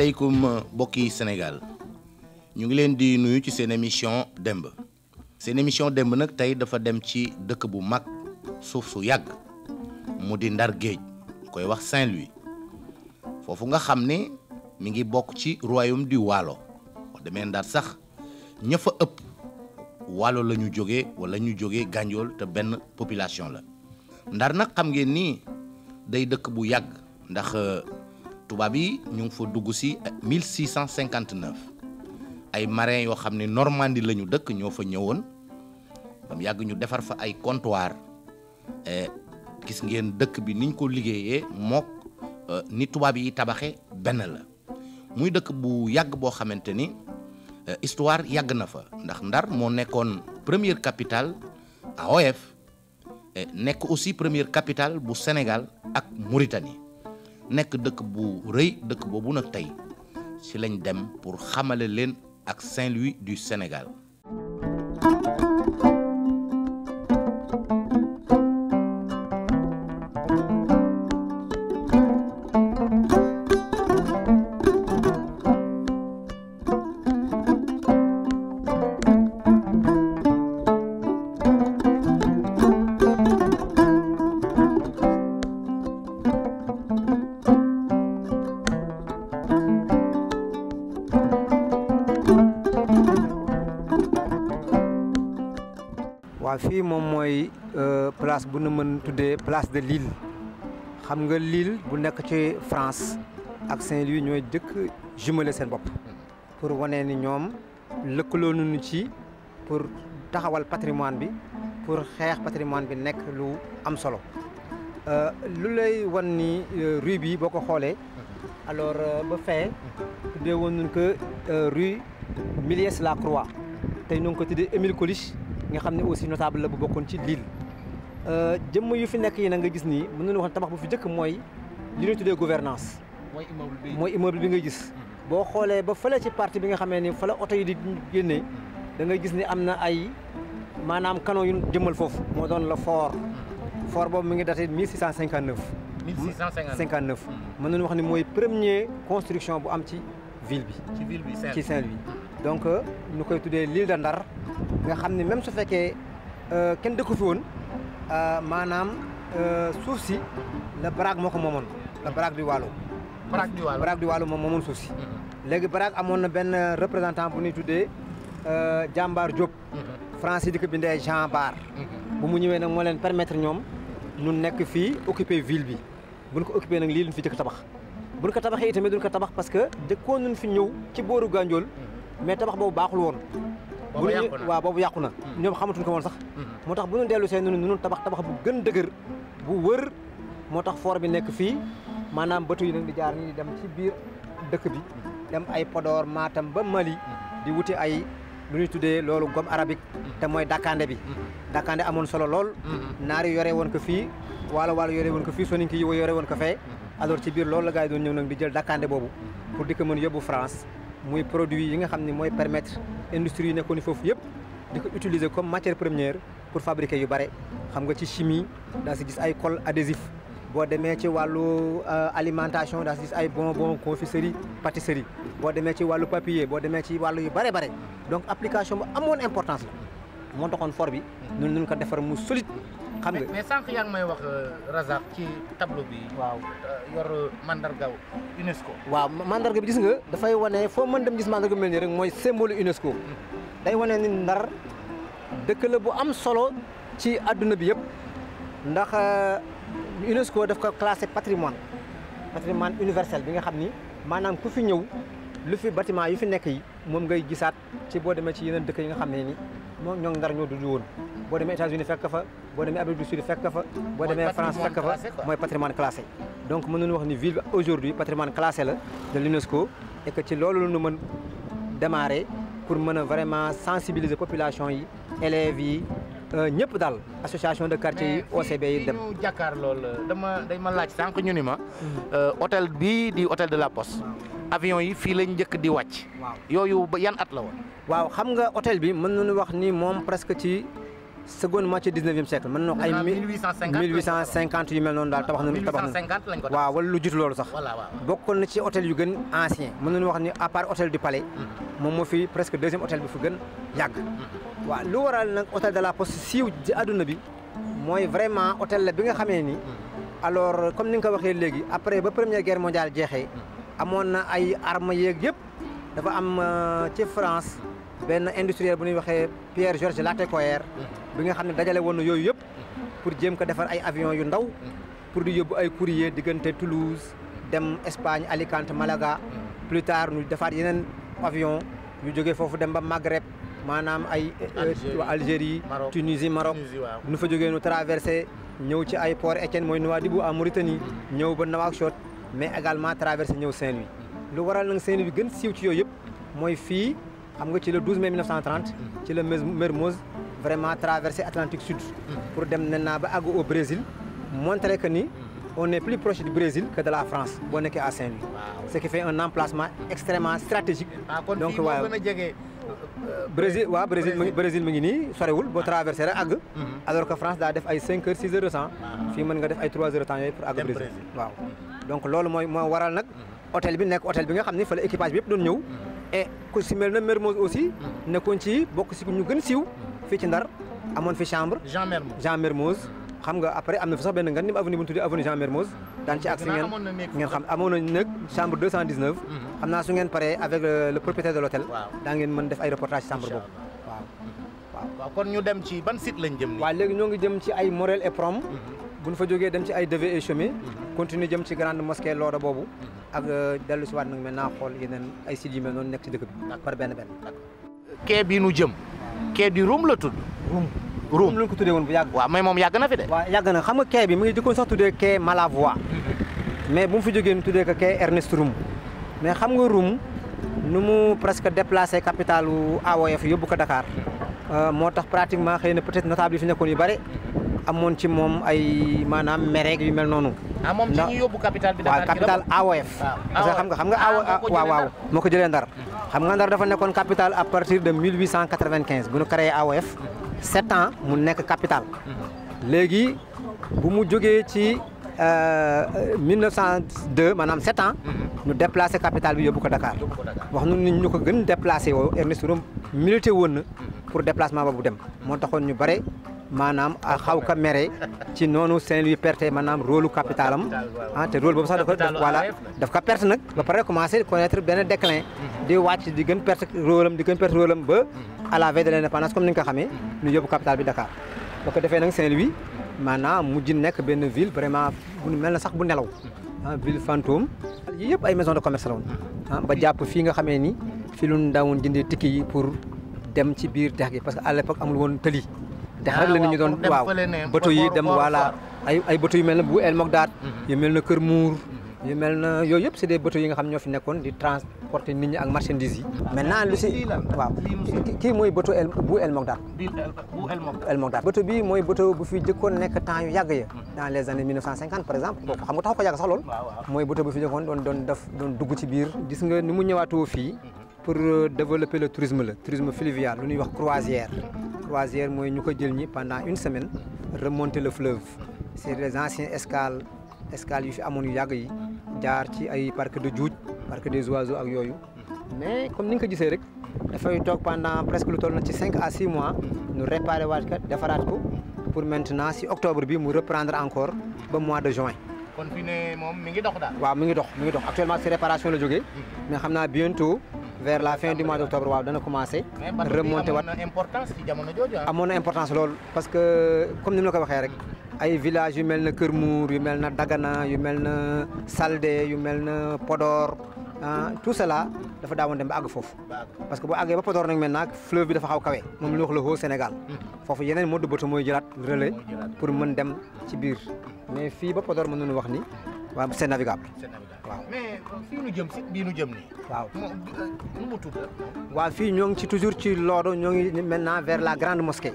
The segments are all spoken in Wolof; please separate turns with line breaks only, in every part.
asalaamaaleykum euh, mbokki Sénégal ñu ngi leen di nuyu ci seen émission demb seen émission demb nag tey dafa dem ci dëkk bu mag suuf su yàgg mu di Ndar Géej koy wax Saint-Louis foofu nga xam ne mu ngi bokk ci royaume di Waalo wax demee Ndar sax ña fa ëpp Waalo la ñu jógee wala ñu jógee Gànjool te benn population la Ndar nag xam ngeen ni day dëkk bu yàgg ndax. Euh, tubaab yi ñu ngi fa dugg si 1659 ay marins yoo xam ne Normandie la ñu dëkk ñoo fa ñëwoon bam yàgg ñu defar fa ay comptoir eh, gis ngeen dëkk bi niñ ko liggéeyee mook eh, ni tubaab yi tabaxe benn la muy dëkk bu yàgg boo xamante ni eh, histoire yàgg na fa ndax Ndar moo nekkoon première capital AOF nekk aussi première capitale bu Sénégal ak Mauritanie nekk dëkk bu rëy dëkk boobu nag tey ci lañ dem pour xamale leen ak Saint-Louis du Sénégal
place bu nu mën tuddee place de Lille xam nga Lille bu nekk ci France ak Saint-Louis ñooy jëkk jumelé seen bopp pour wane ni ñoom lëkkaloo nu ci pour taxawal patrimoine bi pour xeex patrimoine bi nekk lu am solo euh, lu lay wan ni euh, rue bi boo ko xoolee alors euh, ba fee tuddee woon nañ ko rue Miliès-la-Croix tey ñoo ngi ko tuddee Émile Colich nga xam ne aussi notable la bu bokkoon ci Lille Euh, jëmm yu fi nekk yi na nga gis nii mën nañu wax ne tabax bu fi njëkk mooy li ñuy tuddee gouvernance mooy immeuble bi nga gis mhm. boo xoolee ba fële ci partie bi nga xamee ni fële oto yi di génnee mhm. da nga gis ni am na ay maanaam canon yu jëmmal foofu moo doon la fort mhm. foor boobu mu ngi daté 1659 1659 mën nañu wax ne mooy premier construction bu am ci ville bi ci ville bi ci Saint-Louis donc euh, ñu koy tuddee l'île de nga xam ne même su fekkee euh, kenn dëkku fi woon Euh, maanaam euh, suuf si la Baraag moo ko moomoon la Baraag di Waalo. Baraag di Waalo Baraag di Waalo moom moomoon suuf si. Mm-hmm. léegi Baraag amoon na benn représentant bu ñuy tuddee euh, Jàmbaar Diop. Mm-hmm. France di ko bindee Jean Bar.
Mm-hmm. bu mu
ñëwee nag moo leen permettre ñoom ñu nekk fii occuper ville bi bun ko occupé nag lii luñ fi jëkk tabax. buñ ko tabaxee itamit duñ ko tabax parce que dëkkoon nañ fi ñëw ci booru Gandiol mais tabax boobu baaxul woon. waa boobu yàqu na hmm. ñoom xamatuñ ko woon sax hmm. moo tax bu ñu dellusee see nunu nunu tabax tabax bu gën dëgër bu wër moo tax foor bi nekk fii maanaam bëtu yi nag di jaar nii dem ci biir dëkk bi hmm. dem ay Podor Matam ba Mali di wuti ay lu ñuy tuddee loolu gomme arabique te mooy dakande bi dakande amoon solo lool naari yore woon ko fii waalo waalo yore woon ko fii soninki yi yore woon ko fee alors ci biir lool la gars yi ñëw nag di jël dakande boobu pour di ko mën yóbbu France muy produits yi nga xam ni mooy permettre industrie yi nekkoon foofu yëpp di ko utiliser comme matière première pour fabriquer yu bare xam nga ci chimie daa si gis ay colle adhésif boo demee ci wàllu euh, alimentation daa si gis ay bon confiserie pâtisserie boo demee ci wàllu papier boo demee ci wàllu yu bare bare donc application bu amoon importance la moo taxoon for bi. ñun ñu ko defar mu solide. xam nga
mais sànq yaa ngi may wax euh, Razak ci tableau bi. waaw euh, yor euh, mandargaw UNESCO. waaw mandarga bi gis nga
dafay wane foo man dem gis mandarga mel nii rek mooy symbole UNESCO. Hmm. day wane ni ndar dëkk bu am solo ci adduna bi yëpp ndax UNESCO daf ko classé patrimoine patrimoine universel bi nga xam ni maanaam ku fi ñëw lu fi bâtiment yu fi nekk yi. moom ngay gisaat ci boo demee ci yeneen dëkk yi nga xam ne ni moom ñoo ndar ñoo dudd woon boo demee États-Unis fekk fa boo demee Amérique du Sud fekk fa boo demee France fekk fa mooy patrimoine classé donc mën nañu wax ni ville aujourd'hui patrimoine classé la de l'UNESCO e que ci loolu nu mën démarrer pour mën a vraiment sensibiliser population yi élèves yi euh, ñëpp daal association de quartier yi OCB yi dem ñu
jàkkaar lool dama day ma laaj sànq ñu ni ma mm. euh, hôtel bi di hôtel de la Poste avion yi
fii lañ njëkk di wàcc.
yooyu ba yan at
la woon. waaw xam nga hôtel bi mën nu wax ni moom presque ci seconde moitié dix-neuvième siècle mën nañu wax ci hôtel yu gën ancien mën nañu wax ni à part hôtel du palais. Hmm. moom moo fi presque deuxième hôtel bi fu gën yàgg. Hmm. waaw lu waral nag hôtel de la poste siiw ci àdduna bi mooy vraiment hôtel la bi nga xamee ni. Hmm. alors comme ni nga ko waxee léegi après ba première guerre mondiale jeexee. amoon na ay armes yeeg yëpp dafa am euh, ci France benn industriel bu ñuy waxee Pierre Georges Latécoère bi nga xam ne dajale woon na yooyu yëpp pour jéem ko defar ay avion yu ndaw pour di yóbbu ay courrier diggante Toulouse dem Espagne Alicante Malaga plus tard ñu defaat yeneen avion ñu jóge foofu dem ba Maghreb maanaam ay euh, Algérie Tunisie Maroc nu fa jógee nu traversé ñëw ci ay port Étienne mooy Nouadhibou à Mauritanie ñëw ba Nouakchott mais également traversé ñëw seen louis lu waral nag seen louis gën siiw ci yooyu yëpp mooy fii xam nga ci le 12 mai 1930 ci la Mermoz vraiment traversé Atlantique Sud pour dem ne maintenant ba àgg au Brésil montrer que ni on est plus proche du Brésil que de la France boo nekkee à Saint-Louis ce qui fait un emplacement extrêmement stratégique ah, donc waaw Brésil waaw Brésil Brésil mi ngi nii sorewul boo ah. traversé rek àgg mhm. alors que France daa def ay 5 heures 6 heures de temps ah. fii mën nga def ay 3 heures de temps yooyu pour àgg waaw donc loolu mooy moo waral nag hôtel bi nekk hôtel bi nga xam ni fa la équipage bi yëpp doon ñëw mm-hmm. et ku si mel na Mermoz aussi mm-hmm. nekkoon ci bokk si ñu gën siiw mm-hmm. fii ci Ndar amoon fi chambre Jean Mermoz xam nga après am na fi sax benn nga ni avenue bu ñu tuddee avenue Jean Mermoz daan ci agsi ngeen ngeen xam amoon nañ nag chambre 219 xam naa su ngeen paree avec le propriétaire de l'hôtel daa ngeen mën def ay reportage chambre boobu waaw waaw dem ci ban site lañ jëm nii léegi ñoo ngi jëm ci ay Morel et bu ñu fa jógee dem ci ay devers et chemins. Mhm. continuer jëm ci grande mosquée Loora boobu. Mhm. ak euh, dellu si waat nag maintenant xool yeneen ay sites yu mel nekk ci dëkk bi. par benn benn. quai nu jëm. quai du Roum la tudd. Roum Roum lu ñu ko tuddee woon bu yàgg. waa mais moom yàgg na fi de. yàgg na xam nga quai bi mu ngi dikkoon sax tuddee quai Malavoie. Mhm. mais bu fa fi jógee ñu tuddee ko Ernest Roum. mais xam nga Roum nu mu presque déplacé capitalu AOF yóbbu ko Dakar. Euh, moo tax pratiquement xëy na peut-être notable yi fi nekkoon yu bare. amoon ci moom ay maanaam mereeg yu mel noonu. ah
moom ci ñu yóbbu capital bi. waaw capital AOF. Ah, parce que xam nga xam nga AOF ah, waaw
moo ko jëlee ndar. xam nga ndar dafa nekkoon capital à partir de 1895 bu ñu créé AOF. 7 ans mu nekk capital. léegi bu mu jógee ci 1902 euh, maanaam 7 ans. ñu déplacé capital bi yóbbu ko Dakar. wax nu ni ñu ko gën déplacé woo Ernest Rom milité woon na pour ba boobu dem moo taxoon ñu bare. maanaam xaw ka mere ci noonu Saint-Louis perte maanaam rôle capital am ah te rôle boobu sax voilà daf ko perte nag ba pare commencé connaître benn déclin di wàcc di gën perte am di gën perte ba à la veille de l'indépendance comme ko xamee ñu yóbbu bi ko defee nag Saint-Louis maanaam mujj nekk benn ville vraiment bu mel na sax bu nelaw ah ville fantôme yii yëpp ay maison de la ah, ba jàpp fii nga xamee ni fi lu ndawoon jëndee tikki yi pour dem ci biir dex gi parce que à l'époque amul woon tëli
dex rek la nit doon waaw yi dem voilà
ay ay bateau yu mel na bu El Mogdad mhm. yu mel na Kër Muur mhm. yu mel na yooyu yëpp c'est des yi nga xam ñoo fi nekkoon di transporter nit ak marchandise yi ah, maintenant lu si kii mooy bateau bu El Mogdad El Mogdad bii mooy bateau bu fi jëkkoon nekk temps yu yàgg ya mhm. dans les années 1950 par exemple boobu xam nga taxu ko sax lool mooy bateau bu fi jëkkoon doon dugg ci biir nga ni mu ñëwaatoo fii pour euh, développer le tourisme la tourisme fluvial lu ñuy wax croisière croisière mooy ñu ko jël ñi pendant une semaine remonter le fleuve c'est les anciens escales escales yu fi amoon yu yàgg yi jaar ci ay parc de Djoudj parc des oiseaux ak yooyu mais comme ni nga ko gisee rek dafay toog pendant presque lu toll na ci cinq à six mois ñu réparer waat kat defaraat ko pour maintenant si octobre bi mu reprendre encore ba mois de juin.
kon fi moom mi ngi dox daal.
waaw mi ngi dox mi ngi dox actuellement si réparation la jógee vers la fin du mois d' octobre waaw dana commencé. remonté wat
ah?
amoon na importance loolu parce que comme ni ma la ko waxee rek ay villages yu mel na Kër Mour yu mel na Dagana yu mel na salde yu mel na Podor ah, tout cela dafa daawoon dem ba àgg foofu. parce que bu àggee ba Podor nag maintenant fleuve bi dafa xaw kawe moom la wax le haut Sénégal. Hmm. foofu yeneen moo du bët mooy jëlaat relais pour mën dem ci biir hmm. mais fii ba Podor mën nañu wax ni. waaw c'est navigable.
waaw euh, bii nu jëm waaw nu
euh, fii ñoo ngi ci toujours ci loolu ñoo ngi maintenant vers la grande mosquée.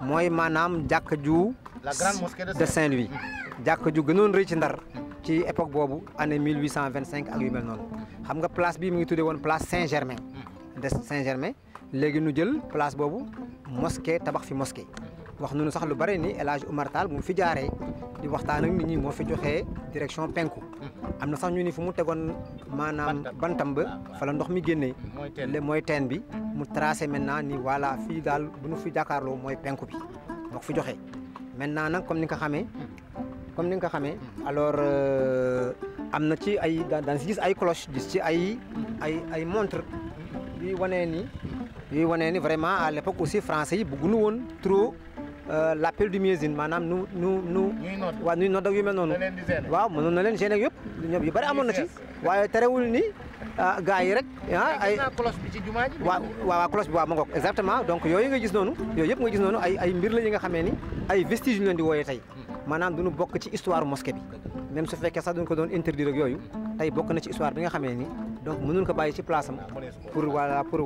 mooy maanaam jàkka ju. la grande mosquée de Saint-Louis. Mm-hmm. jàkka ju gënoon rëy ci ndar. ci époque boobu année 1825 ak yu mel noonu. xam nga place bi mi ngi tuddee woon place Saint-Germain. Mm-hmm. de Saint-Germain léegi nu jël place boobu mosquée tabax fi mosquée. wax nañu sax lu bari ni El Hadj Oumar Tall mu fi jaaree di waxtaan ak nit ñi moo fi joxee direction penku mm-hmm. am na sax ñu ni fu mu tegoon maanaam bantam ba ah, fala ndox mi génnee mooy teen bi mu tracé maintenant ni voilà fi daal bu ñu fi jàkkaarloo mooy penku bi moo fi joxe maintenant nag comme ni nga xamee mm-hmm. comme ni nga xamee mm-hmm. alors euh, am na ci ay daan si ay cloche gis ci ay ay ay montre yuy wanee ni yuy wanee ni vraiment à l'époque aussi français yi bëgguñu woon trop Euh, l'appel du muezzin maanaam nu nu nu. waaw nuy nodd ak yu mel noonu. waaw mënoon na leen gêner ak yëpp ñoom yu bari amoon na ci. waaye tere terewul ni euh, gars yi rek. ah ay cloche bi ci jumaa ji. waaw waaw cloche bi waaw ma exactement donc yooyu nga gis noonu. yooyu yëpp nga gis noonu ay ay mbir yi nga xamee ni ay vestige ñu leen di wooyee tey maanaam duñu bokk ci histoire mosquée bi même su fekkee sax duñ ko doon interdire ak yooyu tey bokk na ci histoire bi nga xamee ni donc mënuñ ko bàyyi ci place am pour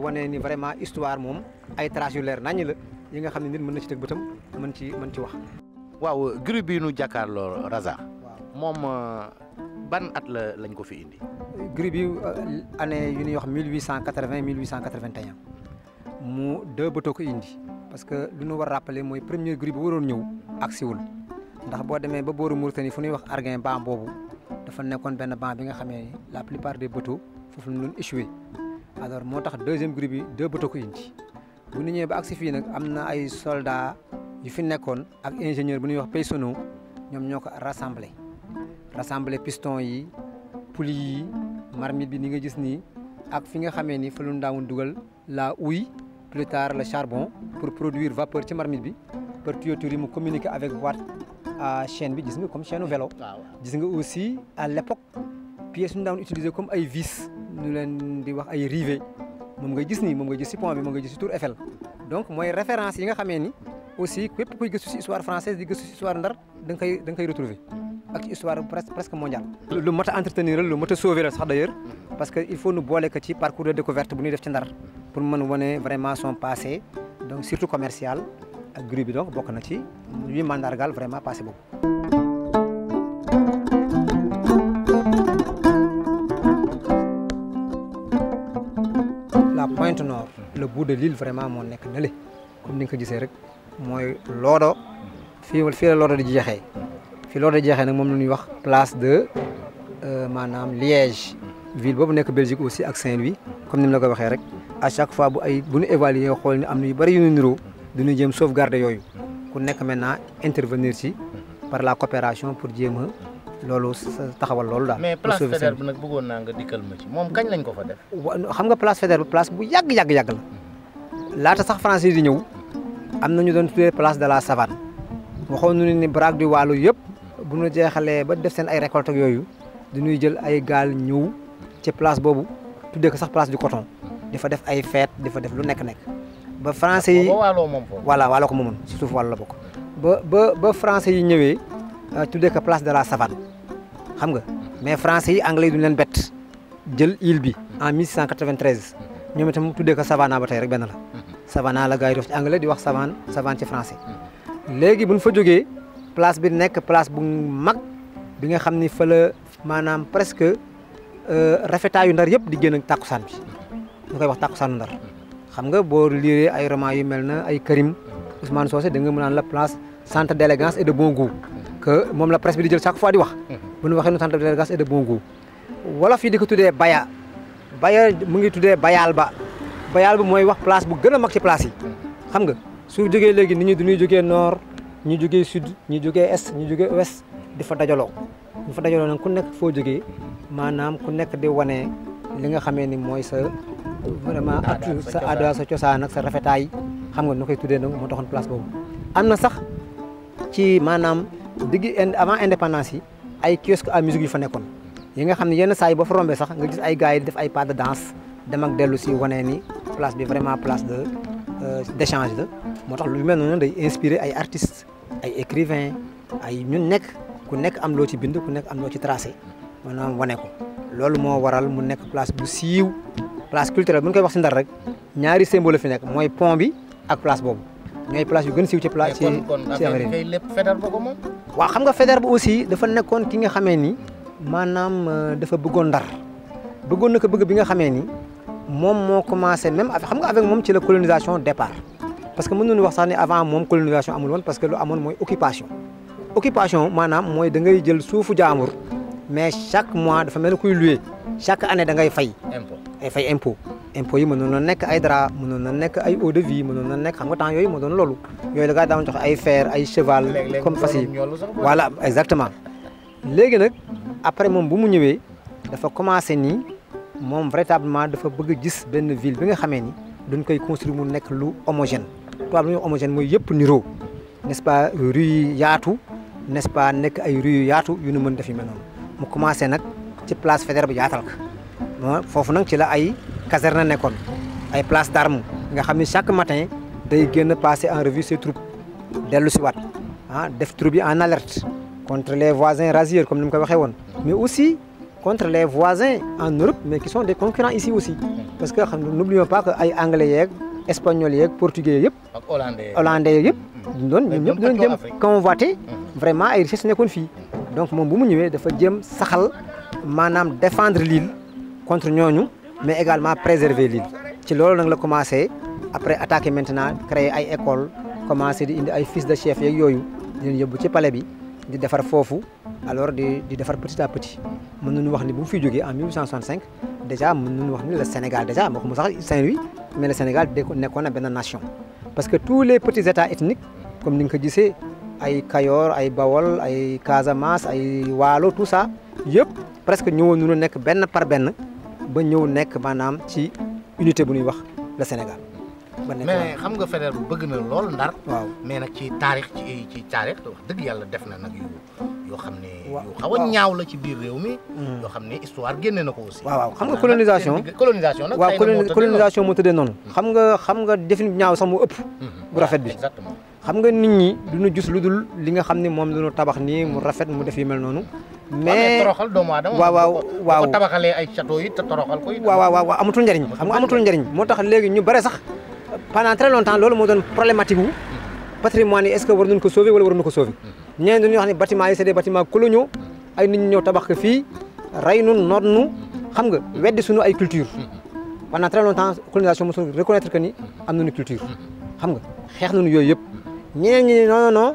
voilà ni vraiment histoire moom ay traces yu leer la yi nga xam ne nit mën na ci teg bëtam man ci mën ci wax.
waaw groupe bi nu jàkkaarloo hmm. Raza.
moom euh, ban at la lañ ko fi indi. groupe yi euh, année yu ñuy wax mille huit cent quatre vingt mille huit cent quatre vingt et mu deux ko indi parce que lu ñu war rappeler mooy premier groupe bi waroon ñëw wul ndax boo demee ba booru Mauritanie fu ñuy wax Arguin ban boobu dafa nekkoon benn ban bi nga xamee ni la plupart des bateaux foofu la ñu doon alors moo tax deuxième groupe bi deux bateaux ko indi. bu ñu ñëwee ba agsi fii nag am na ay soldats yu fi nekkoon ak ingénieur bu ñuy wax Peysono ñoom ñoo ko rassemblé rassemblé piston yi poulie yi marmite bi ni nga gis nii ak fi nga xamee ni fa lu daawoon dugal la houille plus tard le charbon pour produire vapeur ci marmite bi par tuyauterie yi mu communiquer avec boîte à chaîne bi gis nga comme chaîne vélo gis nga aussi à l'époque pièces ñu daan utiliser comme ay vis ñu leen di wax ay rivets moom nga gis nii moom ngay gis si pont donc mooy référence yi nga xamee ni aussi képp kuy gëstu si histoire française di gëstu si histoire ndar da nga koy ak ci histoire presque presque lu mat a entretenir lu mat a sauver la sax d'ailleurs parce que il faut nu boole ko ci parcours de découverte bu ñuy def ci ndar pour mën wane vraiment son passé donc surtout commercial ak gru bi donc bokk na ci ñuy mandargaal vraiment passé boobu. pointe nord le bout de l'île vraiment moo nekk nële comme ni nga ko rek mooy Lodo fii fi la Lodo di jeexee fii Lodo di jeexee nag moom la ñuy wax place de euh, maanaam Liège ville boobu nekk Belgique aussi ak Saint-Louis comme ni mu la ko waxee rek a chaque fois bu ay bu ñu évaluer xool ni am na yu bëri yu ñu niroo dañuy jéem sauvegarder yooyu ku nekk maintenant intervenir ci par la coopération pour jéem loolu taxawal loolu daal. mais place Faidherbe
bi nag bëggoon naa nga dikkal ma moom kañ lañ ko fa def.
xam nga place Faidherbe place bu yàgg yàgg yàgg la laata sax français di ñëw am na ñu doon tuddee place de la savane waxoon nañu ni braque du Waalo yëpp bu ñu jeexalee ba def seen ay récolte ak yooyu dañuy jël ay gaal ñëw ci place boobu tuddee ko sax place du coton di fa def ay feet di fa def lu nekk-nekk. ba français yi waaw Waalo
moom foofu voilà
Waalo ko moom si suuf Waalo la bokk. ba Euh, tuddee ko place de la savane xam nga mais français yi anglais yi duñ leen bett jël île bi en 1693 ñoom itam tuddee ko savana ba tey rek benn la savana la gars yi anglais di wax savane savane ci français léegi buñ fa jogee place bi nekk place bu mag bi nga xam ni fa la maanaam presque euh, rafetaayu ndar yëpp di génn ak tàkkusaan bi ñu koy wax tàkkusaanu ndar xam nga boo liiree ay romans yu mel na ay kërim Ousmane soose da nga mën naan la place centre d'élégance et bon goût que moom la presse bi di jël chaque fois di wax. Mhm. bu ñu waxee nu centre de gaz et ko tuddee baya baya mu ngi tuddee bayaal ba bayaal ba mooy wax place bu gën a mag ci place yi. xam nga su jógee léegi ni ñu dañuy jógee noor ñu jógee sud ñu jógee est ñu jógee ouest di fa dajaloo. ñu fa dajaloo nag ku nekk foo jógee maanaam ku nekk di wane li nga xamee ni mooy sa vraiment ak sa aada sa cosaan ak sa rafetaay xam nga nu koy tuddee nag moo taxoon place boobu am na sax ci maanaam. diggi avant indépendance yi ay kiosque à musique yu fa nekkoon yi nga xam ne yenn saa boo ba fa rombee sax nga gis ay gars yi def ay pas de danse dem ak dellu si wanee ni place bi vraiment place de euh, d'échange la moo tax lu mel noonu day inspiré ay artistes ay écrivains ay ñun nekk ku nekk am loo ci bind ku nekk am loo ci tracé maanaam wane ko loolu moo waral mu nekk place bu siiw place culturelle bu ñu koy wax si Ndar rek ñaari symbole fi nekk mooy pont bi ak place boobu ñooy place yu gën siiw ci place. ci ci affaire yi
lépp moom.
waaw xam nga Faidherbe ba aussi dafa nekkoon ki nga xamee ni maanaam euh, dafa bëggoon ndar bëggoon na ko bëgg bi nga xamee ni moom moo commencé même xam nga avec moom ci la colonisation départ parce que mën nañu wax sax ni avant moom colonisation amul woon parce que lu amoon mooy occupation. occupation maanaam mooy da ngay jël suufu jaamur mais chaque mois dafa mel ni kuy loué chaque année da ngay fay. impôt fay impôt. impôts yi mënoon na nekk ay drap mënoon na nekk ay eau de vie mënoon na nekk xam nga temps yooyu moo doon loolu yooyu la gars daan ay fer ay cheval comme fas yi exactement léegi nag après moom bu mu ñëwee dafa commencé nii moom véritablement dafa bëgg gis benn ville bi nga xamee ni duñ koy construire mu nekk lu homogène tubaab lu ñuy homogène mooy yëpp niroo n'est-ce pas yi yaatu nespa nekk ay rue yu yaatu yu nu mën def yu mel noonu mu commencé nag ci place Faidherbe bi yaatal ko foofu nag ci la ay caserne nekkoon ay place d'armes nga xam ni chaque matin day génn passer en revue ses troupes dellu si waat ah def troupes en alerte contre les voisins rasiers comme ni mu ko waxee woon mais aussi contre les voisins en Europe mais qui sont des concurrents aussi parce que xam n'oublions pas que ay anglais yeeg espagnol yeeg portugais yëpp ak hollandais yeeg yëpp hmm. ñu doon ñoom ñëpp doon jëm hmm. convoité hmm. vraiment ay richesses nekkoon fii donc moom bu mu ñëwee dafa jëm saxal maanaam défendre l'île contre ñooñu mais également préserver l'île ci loolu nag la commencé après attaquer maintenant créer ay école commencé di indi ay fils de chef yeeg yooyu di leen ci palais bi di defar foofu alors di di defar petit à petit mën nañu wax ni bu mu fi jógee en 1865 déjà mën nañu wax ni le Sénégal déjà moo xam sax Saint-Louis mais le Sénégal de nekkoon na benn nation parce que tous les petits états ethniques comme ni nga ko gisee ay Kayor ay Bawol ay Casamance ay Waalo tout ça yëpp presque ñëwoon nañu nekk benn par benn ba ñëw nekk maanaam ci unité bu ñuy wax le Sénégal. ba nekk
xam nga Faidherbe bëgg na lool ndar. waaw mais nag ci taarix ci ci dëgg yàlla def na nag yu xam ne. yu xaw ñaaw la ci biir réew mi. Hmm. yoo xam ne histoire génne na ko aussi. waaw xam nga colonisation colonisation nag. waaw colonisation moo tëddee noonu.
Hmm. xam nga xam nga defin ñaaw sax mu ëpp. bu hmm. rafet bi exactement. xam nga nit ñi du ñu gis lu dul li nga xam ne moom la ñu tabax nii mu rafet mu def yu mel noonu mais toroxal doomu aadama waaw waaw waaw ko tabaxalee ko waaw waaw waaw amatul xam nga amatul njariñ moo tax léegi ñu bare sax pendant très longtemps loolu moo doon problématique wu patrimoine yi est ce que war nañ ko sauver wala war nañ ko sauver ñeneen wax ne bâtiment yi c'est des bâtiments tabax ko fii rey nu noot nu xam nga weddi suñu ay culture pendant très longtemps colonisation mosul reconnaître que ni am nañu culture xam nga xeex nañu yooyu yëpp ñeneen ñi non non non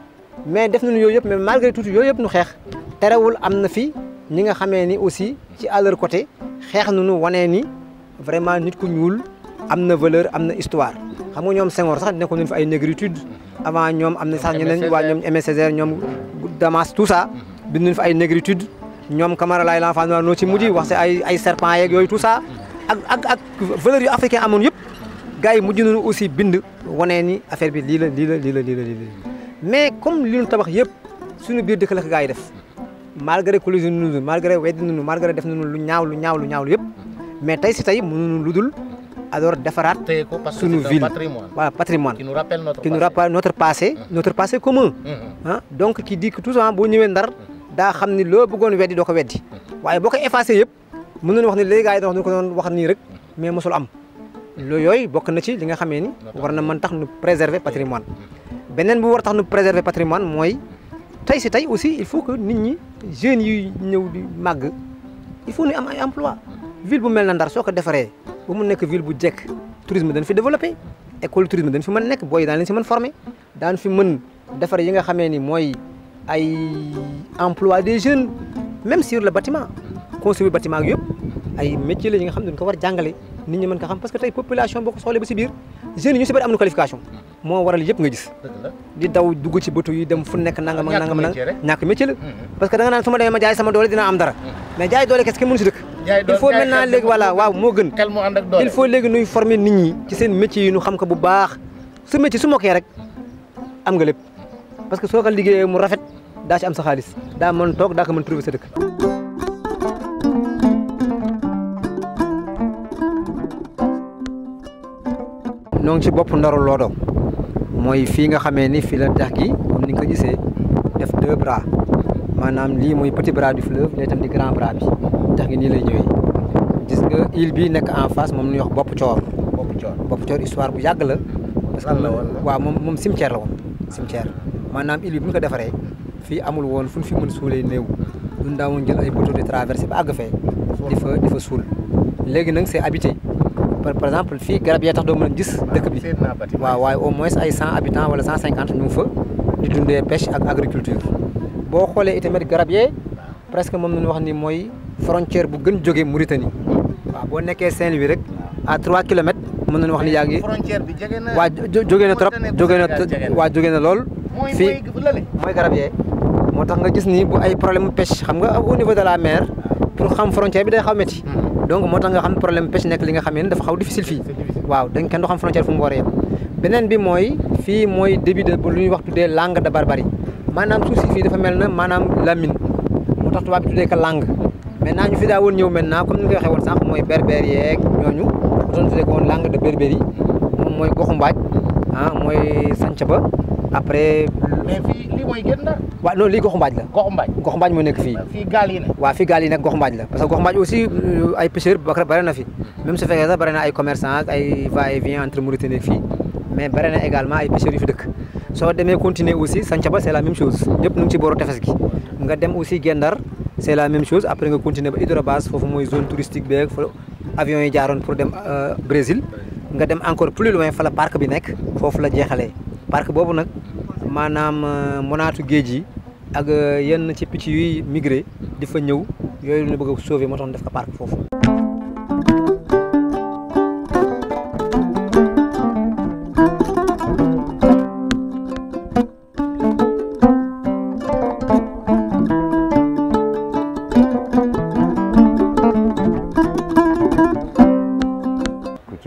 mais def nañu yooyu yëpp mais malgré tout yooyu yëpp nu xeex terewul am na fi ñi nga xamee ni aussi ci à leur côté xeex nañu wanee ni vraiment nit ku ñuul am na valeur am na histoire xam nga ñoom Senghor sax nekkoon nu fi ay négritude avant ñoom am na sax ñeneen waa ñoom Aimé ñoom Damas tout ça bind nu fi ay négritude ñoom Camara Laye l'enfant noir noo ci mujj wax si ay ay serpent yeeg yooyu tout ça ak ak ak valeur yu africain amoon yëpp gars yi mujj nañu aussi bind wanee ni affaire bi lii la lii la lii la lii la mais comme li ñu tabax yëpp suñu biir dëkk la ko yi def malgré collision nunu malgré weddi nunu malgré def nunu lu ñaaw lu ñaaw lu ñaaw lu yëpp mais tey si tey mënuñu lu dul alors defaraat suñu ville voilà patrimoine qui nous rappelle notre, qui nous rappelle notre passé mmh. notre passé commun mmh. ah donc qui dit que tout temps boo ñëwee ndar mmh. daa xam ni loo bëggoon weddi doo ko weddi waaye boo ko effacé yëpp mën nañu wax ne léegi gars yi dañu ko doon wax nii rek mais mosul am loolu yooyu bokk na ci li nga xamee ni war na mën tax nu préserver patrimoine beneen bu war tax nu préserver patrimoine mooy tey si tey aussi il faut que nit ñi jeunes yuy ñëw di màgg il faut ñu am ay emploi ville bu mel na Ndar soo ko defaree ba mu nekk ville bu jekk tourisme dañ fi développé école tourisme dañ fi man nekk booy daan leen si mën formé daan fi mën defar yi nga xamee ni mooy ay emploi des jeunes même sur le bâtiment construire bâtiment ak yëpp ay métier la yi nga xam ne dañ ko war jàngale nit ñi mën xam parce que tey population boo ko soxlee si biir jeunes yi ñu si bëri moo waral yëpp nga gis di daw dugg ci bëtu yi dem fu nekk nangam ak nangam nag ñàkk métier la mm-hmm. parce que da naan su ma demee ma jaay sama doole dina am dara mm-hmm. mais jaay doole kese kenn mënu si dëkk il faut maintenant léegi voilà waaw moo gën il faut léegi nuy former ni ñi ci seen métier yi ñu xam ko bu baax su métier su mokkee rek am nga lépp parce que soo ko liggéeyee mu rafet daa ci am sa xaalis daa man toog daa ko mën trouver sa dëkk ñoo ngi ci bopp ndaru Lodo mooy fii nga xamee ni fii la dex gi comme ni nga ko gisee def deux bras maanaam lii mooy petit bras du fleuve lee tam di grand bras bi dex gi nii lay ñëwee gis nga il bi nekk en face moom la ñuy wax bopp coor bopp coor histoire bu yàgg la parce que waaw moom moom cimetière la woon ah. cimetière maanaam île bi bu ñu ko defaree fii amul woon fu ñu fi mën suulee néew duñ daawoon jël ay bateau de traversée ba àgg fee di fa fa suul léegi nag c'est habité par exemple fii garab yee tax doo mën a gis dëkk bi waaw waaye au moins ay cent habitants wala cent cinquante ñu fa di dundee pêche ak agriculture boo xoolee itamit garab yee presque moom nañu wax nii mooy frontière bu gën jógee Mauritanie waaw boo nekkee Saint-Louis rek à trois kilomètres mën nañu wax ni yaa ngi waa jógee na trop jógee na waa jógee na lool fii mooy garab yee moo tax nga gis nii bu ay problème pêche xam nga au niveau de la mer pour xam frontière day xaw donc moo tax nga xam problème pêche nekk li nga xam ne dafa xaw difficile fii waaw dañ kenn du xam frontière fu mu waree beneen bi mooy fii mooy début de lu ñuy wax tuddee langue de barbarie maanaam suuf fii dafa mel na maanaam lamine moo tax tubaab bi tuddee ko langue maintenant ñu fi daa woon ñëw maintenant comme ni nga waxee woon sànq mooy berbère yeeg ñooñu doon tuddee ko woon langue de berbérie moom mooy goxu mbaaj ah mooy sanc ba après waaw non lii gox mbaaj la gox mbaaj gox mbaaj moo nekk fii fii gaal yi ne waaw fii nekk gox la parce que gox aussi euh, ay pêcheur bare na fi hmm. même su fekkee sax bare na ay commerçant ay va entre Mauritanie ak fii mais bare na également ay pêcheurs yu fi dëkk soo demee continuer aussi Santhiaba c'est la même chose ñëpp ñu ngi ci booru tefes gi nga dem aussi Gendar c'est la même chose après nga continuer ba Hydrobase foofu mooy zone touristique beeg fa avion yi euh, nga dem encore plus loin fa la parc bi nekk foofu la jeexalee parc boobu nag maanaam euh, monaatu géej yi ak euh, yenn ci picc yuy migré di fa ñëw yooyu lu ñu bëgg a sauver def ko parc foofu.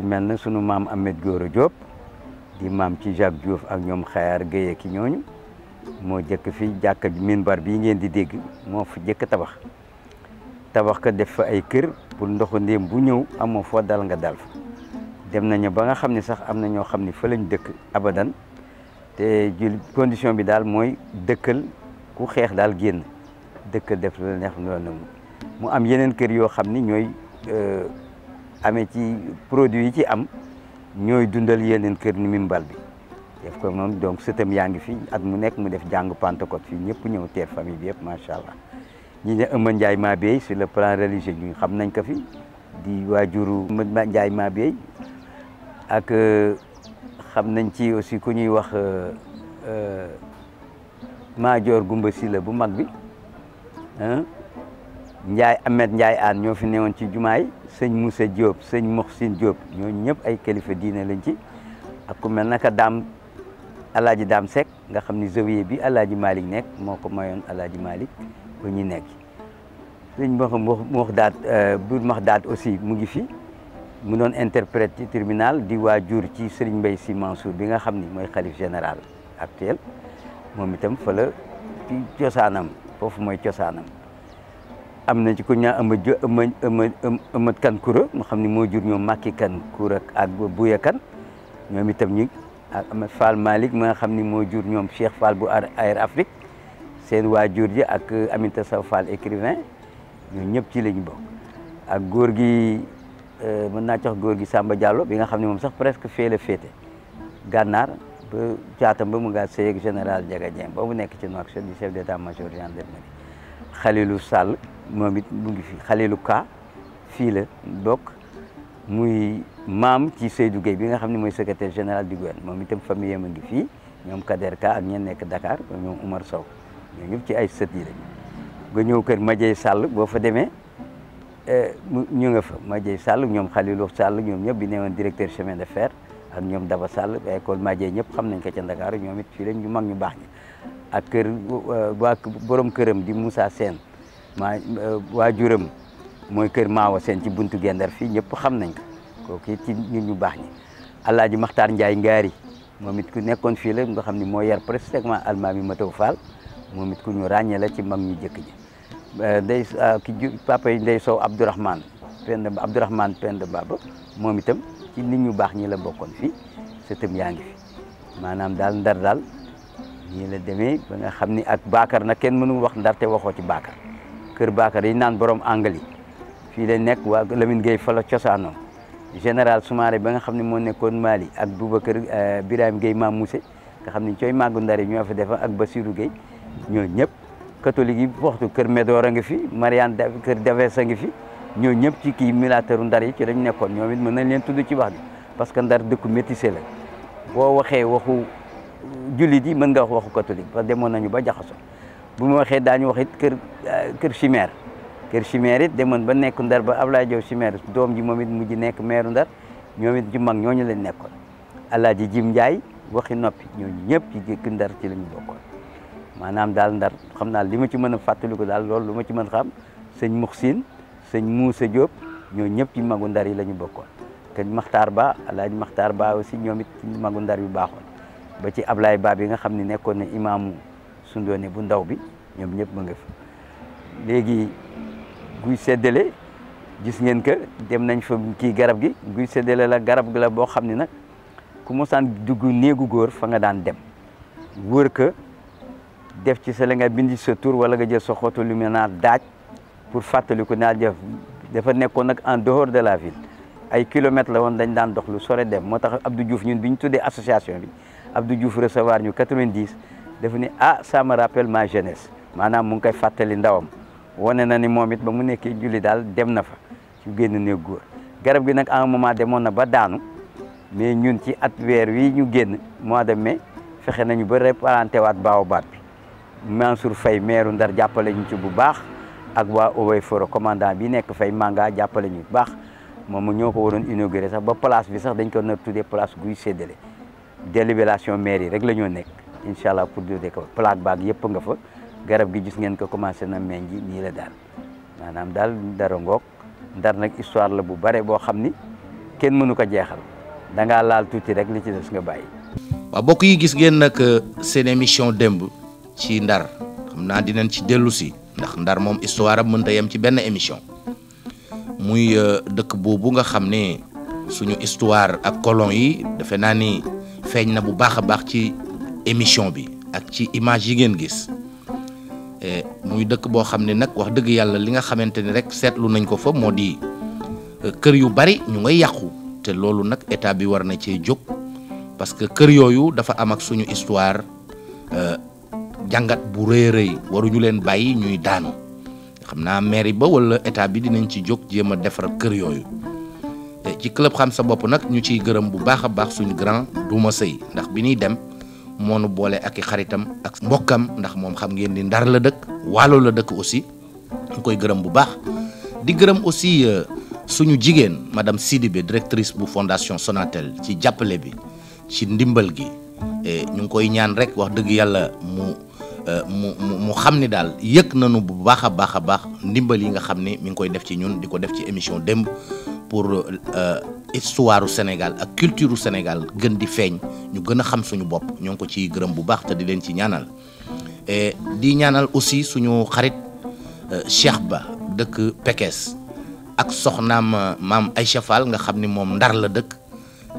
mel ne sunu maam Ahmed Gora maam ci Jacques Diouf ak ñoom Xayaar Guèye ki ñooñu moo jëkk fi jàkka minbar bii ngeen di dégg moo fi jëkk tabax tabax ko def fa ay kër pour ndoxu ndéem bu ñëw amoo foo dal nga dal fa dem nañu ba nga xam ne sax am na ñoo xam ne fa lañ dëkk abadan te jul condition bi daal mooy dëkkal ku xeex daal génn dëkkal def lu neex loolu mu am yeneen kër yoo xam ni ñooy euh, amee ci produit yi ci am ñooy dundal yeneen kër ni mimbal bi def ko moom donc sëtam yaa ngi fi at mu nekk mu def jàngu Pentecôte fii ñëpp ñëw teer famille bi yëpp macha allah ñi ne Ëmma Ndiaye Mabey sur le plan religieux ñu xam nañ ko fi di ma waajuru Ëmma Ndiaye Mabey ak euh, xam nañ ci aussi ku ñuy wax euh, euh, Maajoor Gumba Sila bu mag bi Ndiaye Ahmed Ndiaye aan ñoo fi newoon ci jumaay sëñ Moussa Diop sëñ Moxsin Diop ñooñu ñëpp ay kilifa diine lañ ci ak ku mel naka daam alaaji daam Seck nga xam ni zawiye bi alaaji Malick nekk moo ko mayoon alaaji Malick ba ñu nekk sëñ Mbox Mbox daat euh, bu max daat aussi mu ngi fi mu noon interprète ci tribunal di waajur ci Serigne mbay Sy Mansour bi nga xam ni mooy xalif général actuel moom itam fa la ci cosaanam foofu mooy cosaanam am na ci ku ñaa ama jo ama ama amat kan kura nga xam ni moo jur ñoom màkki kan kura ak buya kan ñoom itam ñi ak amat Fall Malick xam ni moo jur ñoom Cheikh Fall bu Air Afrique seen waajur ji ak amit Sow Fall écrivain ñoom ñëpp ci lañu bokk ak góor gi euh, mën naa jox góor gi Samba Diallo bi nga xam ne moom sax presque fee la féete gànnaar ba caatam ba mu ngaa seeg général Diaga Dieng ba mu nekk ci Nouakchott di chef d'état-major gendarmerie Khalilou Sall moom it mu ngi fi Khalilou Ka fii la bokk muy maam ci Seydou Gueye bi nga xam ne mooy secretaire général du gouvernement moom itam famille am ngi fii ñoom Kader Ka ak ñeen nekk Dakar ñoom Oumar Sow ñoo ñëpp ci ay sët yi ñëw kër Madieye Sall boo fa demee eh, ñu nga fa Madieye Sall ñoom Khalilou Sall ñoom ñëpp bi newoon directeur semaine de fer ak ñoom Daba Sall ecole Madieye ñëpp xam nañ ko ca Dakar ñoom it fii lañ ñu mag ñu baax ñi ak kër eh, waa borom këram di Moussa seen maa euh, waajuram mooy kër Maawa Seen ci buntu Gendar fii ñëpp xam nañ ko kooku ci nit ñu baax ñi Alaaji Maxtaar Njaay Ngaari moom it ku nekkoon fii la nga xam ni moo yar pratiquement almaami Mataw Fall moom it ku ñu ràññee la ci mag ñu jëkk ji euh, day euh, ki ju papa yi Ndey Sow Abdourahman Penda Abdourahman Penda moom itam ci nit ñu baax ñii la bokkoon fii sëtëm yaa ngi fi maanaam daal ndar daal ñii la demee ba nga xam ni ak Bakar na kenn mënu wax ndar te waxoo ci Bakar kër Bakar yi naan boroom angali fii lañ nekk waa Lamine Gueye fa cosaanoo général Soumaré ba nga xam ne moo nekkoon maali ak Boubacar euh, Birame Gueye Mame Moussé nga xam ne cooy màggu ndari ñoo fa defa ak Bassirou géey ñoo ñëpp catholique yi waxtu kër Médor a ngi fi Mariane kër Daves a ngi fi ñoo ñëpp ci kii militaire ndar ci dañ nekkoon ñoom it mën nañ leen tudd ci wax bi parce que ndar dëkku métissé la boo waxee waxu jullit yi mën nga wax waxu catholique demoon nañu ba jaxaso bu ma waxee daañu wax it kër euh, kër chimère kër chimère it demoon ba nekk ndar ba Ablaye Diop chimère doom ji moom it mu ji nekk meeru ndar ñoom it ju mag ñooñu lañ nekkoon ji Jim Njaay waxi noppi ñoo ñëpp ci ndar ci lañu bokkoon maanaam daal ndar xam naa li ma ci mën a fàttaliku daal loolu lu ma ci mën xam sëñ Muxsin sëñ Muusa Diop ñoo ñëpp ci magu ndar yi la ñu bokkoon kañ Maxtaar Ba Alaaji Maxtaar Ba aussi ñoom it ci magu ndar yu baaxoon ba ci Ablaye Ba bi nga xam ne nekkoon na imaamu sundoone bu ndaw bi ñoom ñëpp mu nga fa léegi guy seddale gis ngeen que dem nañ fa kii garab gi guy seddale la garab gi la boo xam ne nag ku mosaan dugg néegu góor fa nga daan dem wër que def ci sa la nga bindi sa tur wala nga jël sa xoto lu mel naa daaj pour fàttali ko naa def dafa nekkoon nag en dehors de la ville ay kilomètres la woon dañ daan dox lu sore dem moo tax Abdou juuf ñun bi ñu tuddee association bi Abdou Diouf recevoir ñu 90 dafa ni ah ça me rappelle ma jeunesse maanaam mu ngi koy fàttali ndawam wane na ni moom it ba mu nekkee julli daal dem na fa su génn néeg góor garab gi nag à un demoon na ba daanu mais ñun ci at weer wi ñu génn mois de mais fexe nañu ba replanté waat baat bi Mansour fay maire Ndar jàppale ñu ci bu baax ak waa Owoy Foro commandant bi nekk fay Manga jàppale ñu baax moom ñoo ko waroon inauguré sax ba place bi sax dañ ko nar tuddee place guy séddale délibération maire yi rek la ñoo nekk incha pour pour dire que plaque baag yëpp nga fa garab gi gis ngeen ko commencé na meññ nii la daal maanaam daal dara ngoog ndar nag histoire la bu bare boo xam ni kenn mënu ko jeexal danga laal tuuti rek li ci des nga bàyyi.
waaw mbokk yi gis ngeen nag euh, seen émission démb ci ndar xam naa dinañ ci dellu si ndax ndar moom histoire am mënta yem ci benn émission muy euh, dëkk boobu nga xam ni suñu histoire ak colon yi defe naa ni feeñ na bu baax a baax ci émission bi ak ci image yi ngeen gis eh, muy dëkk boo xam ne nag wax dëgg yàlla li nga xamante ni rek seetlu nañ ko fa moo di eh, kër yu bari ñu nga yàqu te loolu nag état bi war na cee jóg parce que kër yooyu dafa am ak suñu histoire eh, jàngat bu rëy rëy waruñu leen bàyyi ñuy daanu xam naa mairie ba wala état bi dinañ ci jóg jéem a defar kër yooyu ci club xam sa bopp nag ñu ciy gërëm bu baax a baax suñu grand Duma Sëy ndax bi ñuy dem. moonu boole ak i xaritam ak mbokkam ndax moom xam ngeen ni ndar la dëkk waalo la dëkk aussi ñu koy gërëm bu baax di gërëm aussi euh, suñu jigéen madame Sidibé directrice bu fondation Sonatel ci jàppale bi ci ndimbal gi ñu ngi koy ñaan rek wax dëgg yàlla mu euh, mu mu xam ni daal na nu bu baax a baax a baax ndimbal yi nga xam ni mi ngi koy def ci ñun di ko def ci émission démb pour euh, histoire Sénégal ak culture Sénégal gën di feeñ ñu gën a xam suñu bopp ñoo ngi ko ci gërëm bu baax te di leen ci ñaanal et di ñaanal aussi suñu xarit euh, Cheikh Ba dëkk Pekes ak soxnaam euh, maam ay Fall nga xam ni moom ndar la dëkk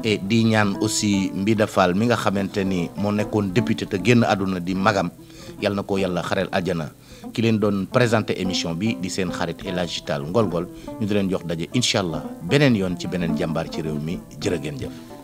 et di ñaan aussi Mbida Fall mi nga xamante ni moo nekkoon député te génn àdduna di magam yal na ko yàlla xareel àjjana ki leen doon présenté émission bi di seen xarit El Hadji Tall Ngol Ngol ñu di leen jox daje incha allah beneen yoon ci beneen jàmbaar ci réew mi jërë ngeen jëf